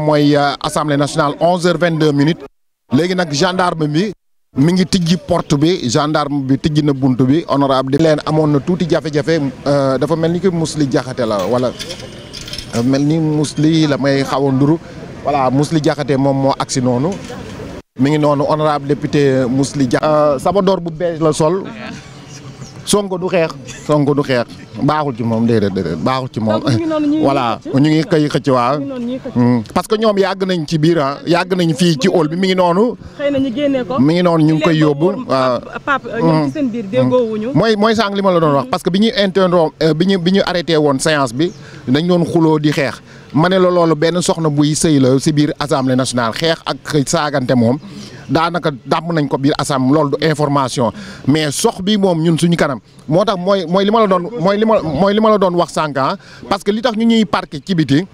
mooy euh, assemblée nationale 11h22 minutes léegi nag gendarme bi mi ngi tijji porte bi gendarme bi tijji na bunt bi honorable di leen amoon na tuuti jafe-jafe euh, dafa mel ni ki Mously Diakhaté la wala euh, mel ni Mously la may xaw a nduru voilà Mously Diakhaté moom moo agsi noonu mi ngi noonu honorable député Mously Diakhaté. Sabador bu bees la sol. sonko du xeex sonko du xeex baaxul ci moom déedéet déedéet baaxul ci moom voilà ñu ngi koy xëcc waa mm. parce que ñoom yàgg nañ ci biir ah yàgg nañ fii ci óol bi mi ngi noonu xëy na ñu génnee ko mi ngi noonu ñu ngi koy yóbbu waaw Pape euh, ñoom ci seen biir mm. déggoowuñu mooy mooy sànq li ma la doon wax parce que bi ñuy interrompre euh, bi ñu bi ñu arrêté woon séance bi dañ doon xuloo di xeex ma ne la loolu benn soxna buy sëy la si biir assemblée nationale xeex ak saagante moom daanaka dàmm nañ ko biir asam loolu du information mais sox bi moom ñun suñu kanam moo tax mooy mooy li ma la doon mooy li ma mooy li ma la doon wax sànq ah, parce que li tax ñu ñuy parqué ci biti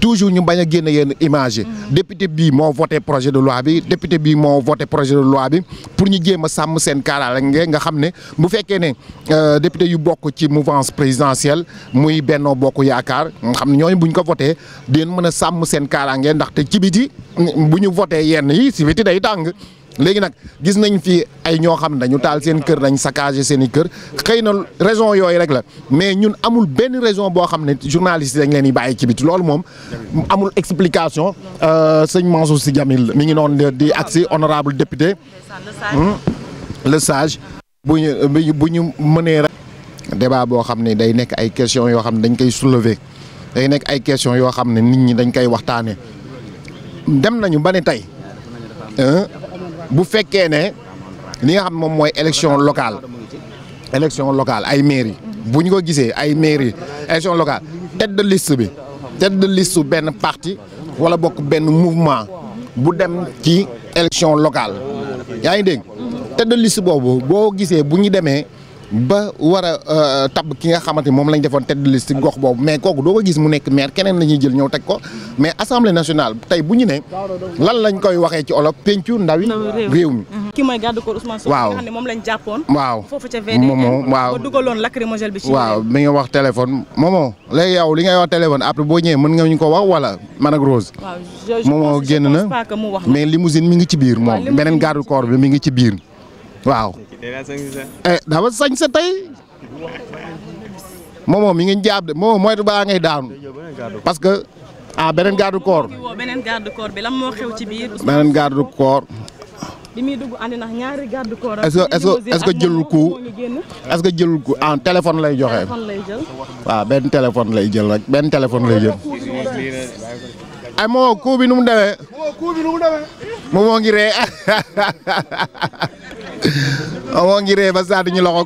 toujours ñu bañ a génn yenn image yi mm. député bii moo voté projet de loi bi député bii moo voté projet de loi bi pour ñu jéem a sàmm seen kaaraange nga xam ne bu fekkee ne euh, député yu bokk ci mouvance présidentielle muy Benno Bokk Yaakaar nga xam ne ñooñu bu ñu ko voté dinañ mën a sàmm seen kaaraange ndaxte ci biti bu ñu voté yenn yi si biti day tàng léegi nag gis nañ fi ay ñoo xam ne dañu taal seen kër dañ saccagé seen i kër xëy na raison yooyu rek la mais ñun amul benn raison boo xam ne journaliste dañ leen di bàyyi ci biti loolu moom amul explication euh, sëñ Mansour Sy Djamil mi ngi noonu di ak si honorable député hmm? le sage bu ñu bu ñu mënee débat boo xam ne day nekk ay question yoo xam ne dañ koy soulever day nekk ay question yoo xam ne nit ñi dañ koy waxtaane dem nañu ba ne tey bu fekkee ne li nga xam moom mooy élection locale élection locale ay mairie bu ñu ko gisee ay mairie élection locale tête de bi tête de liste benn partie wala bokk benn mouvement bu dem ci élection locale yaa ngi dégg tête boobu boo gisee bu ñu demee ba war a euh, tab ki nga xamante moom lañ defoon tête de gox boobu mais kooku doo ko gis mu nekk maire keneen la ñuy jël ñëw teg ko mais assemblée nationale tey bu ñu ne lan lañ koy waxee ci olof pencu ndawi réew mi. Mhm. ki mooy gàddu ko Ousmane Sonko nga xam ne moom waaw foofu ca VDN moom waaw ba dugaloon lacrymogène bi. mi nga wax téléphone moomoo léegi yow li ngay wax téléphone après boo ñëwee mën nga ñu ko wax wala man ak Rose. waaw je moomoo génn na mais limousine mi ngi ci biir moom meneen garde corps bi mi ngi ci biir waaw eh dafa sañ sa tey moom moom mi ngeen jaab de moom moytu balaa ngay daanu parce que ah, beneen garde corps. beneen garde corps bi que jëlul ko est que jëlul ko en téléphone lay joxe. téléphone lay jël. benn téléphone lay jël rek benn téléphone lay jël. ay eh, moo kuu bi nu mu demee. moo kuu bi nu mu demee. moom moo ngi moo ngi ree ba saa di ñu loxo.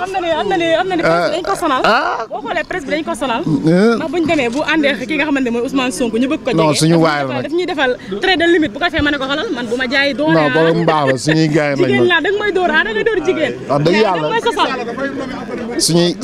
xam nga ne am na ne am na ne presse bi dañ ko sonal. Ah. Ah. boo xoolee presse bi dañ ko sonal. Eh. ndax bu ñu demee bu àndee ki nga xamante ne mooy Ousmane Sonko ñu bëgg ko jege. non suñu waay la nag daf ñuy defal trait de limite bu ko fee mën a ko xolal man bu ma jaayee. doole ah non boobu mbaax la suñuy gars yi lañ. Ah, jigéen laa da nga may door ah da nga door jigéen. wax dëgg yàlla suñuy.